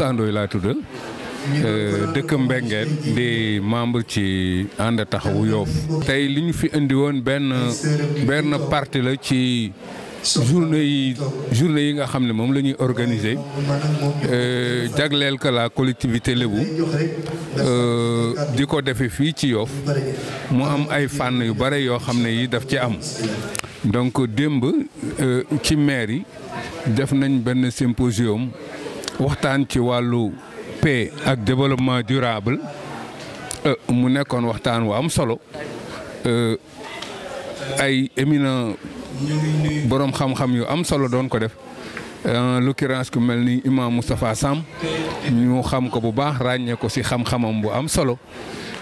Sandooy laa tuddal eh, dëkk Mbengeen di membre ci ànd taxawu Yoff tey li ñu fi indi woon benn benn parti la ci journée yi nga xam ne moom la ñuy organiser eh, jagleel ko la collectivité lébu eh, di ko defe fii ci yoof mu am ay fànn yu bare yoo xam ne yi daf ci am donc démb ci maire yi def nañ benn symposium waxtaan ci wàllu paix ak développement durable euh, mu nekkoon waxtaan wu am solo euh, ay éminent boroom xam-xam yu am solo doon ko def lu l'occurrence ku mel ni imam Moustapha Sam ñu xam ko bu baax ràññee ko si xam-xamam bu am solo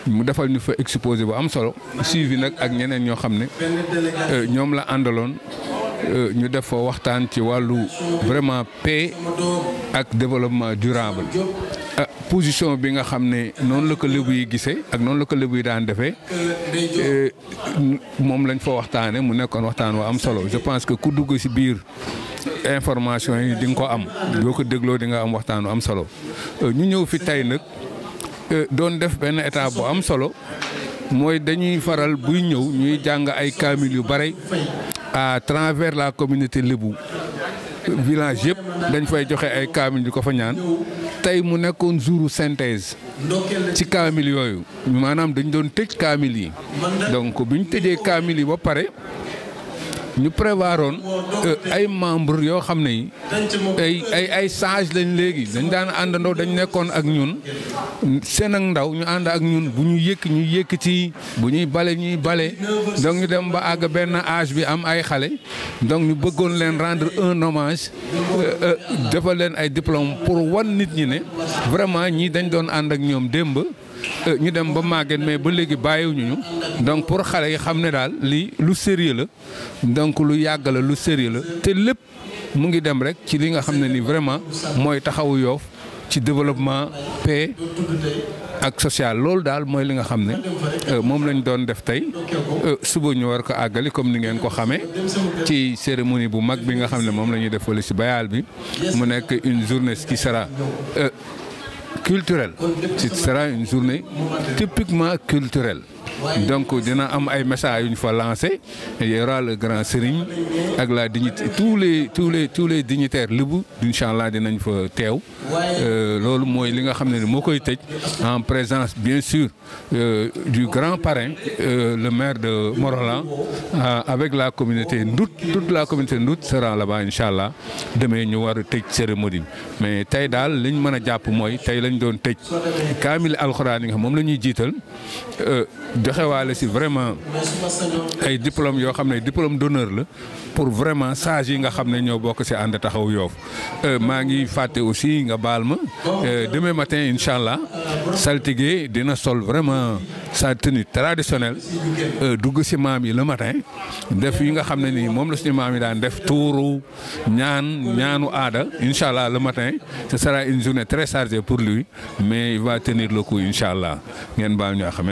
mu defal ñu fa exposé bu am solo suivi nag ak ñeneen ñoo xam ne euh, ñoom la àndaloon Euh, ñu def fa waxtaan ci wàllu vraiment paix ak développement durable ah, position bi nga xam ne noonu la ko lébu yi gisee ak noonu la ko lébu yi daan defee euh, moom lañ fa waxtaanee mu nekkoon waxtaan wa am solo je pense que ku dugg si biir information yi di nga ko am boo ko dégloo di nga am waxtaan wa am solo euh, ñu ñëw fi tey nag doon def benn état bu am solo mooy dañuy faral buy ñëw ñuy jàng ay kaamil yu bare à travers la communauté lébu village yëpp dañ fay joxe ay kaamil di ko fa ñaan tey mu nekkoon juru synthèse ci kaamil yooyu maanaam dañu doon tëj kaamil yi donc bi ñu tëjee kaamil yi ba pare. ñu prévoiroon euh, ay membre yoo xam ne yi ay ay ay sage lañ léegi dañ daan àndandoo dañ nekkoon ak ñun seen ak ndaw ñu ànd ak ñun bu ñu yëkk ñu yëkkati bu ñuy bale ñuy bale donc ñu dem ba àgg benn âge bi am ay xale donc ñu bëggoon leen rendre un hommage euh, euh, defal leen ay diplôme pour wan nit ñi ne vraiment ñii dañ doon ànd ak ñoom démb Euh, ñu dem ba màgget mais ba léegi bàyyiwuñu ñu donc pour xale yi xam ne daal lii lu sérieux la donc lu yàgg la lu sérieux la te lépp mu ngi dem rek ci li nga xam ne ni vraiment mooy taxawu yoof ci développement paix ak social loolu daal mooy li nga xam ne euh, moom lañ doon def tey euh, suba ñu war ko àggali comme ni ngeen ko xamee ci cérémonie bu mag bi nga xam ne moom la ñuy def wala si bayaal bi mu nekk une journée qui sera culturelle. Ce sera une journée typiquement culturelle. donc dina am ay messages yu ñu fa lancé y aura grand serigne ak la dignité tous les tous les tous les dignitaires libu incha allah dinañ fa teew euh, loolu mooy li nga xam ne moo koy tëj en présence bien sûr euh, du grand parrain euh, le maire de Morolan avec la communauté Ndout la communauté Ndout sera là-bas incha allah demee ñu war a tëj cérémonie mais tey daal liñ mën a jàpp mooy tey lañ doon tëj kaamil alxuraan yi nga xam moom la ñuy jiital. joxe waale si vraiment ay diplôme yoo xam ne diplôme d'honneur la pour vraiment sages yi nga xam ne ñoo bokk si ànd taxaw yoof euh, maa ngi fàtte aussi nga baal ma euh, demain matin incha allah saltige dina sol vraiment sa tenue traditionnelle euh, dugg si maam yi le matin def yi nga xam ne nii moom la suñu maam yi daan def tuuru ñaan ñaanu aada incha allah le matin ce sera une journée très chargée pour lui mais il va tenir le coup incha allah ngeen baal ñu xam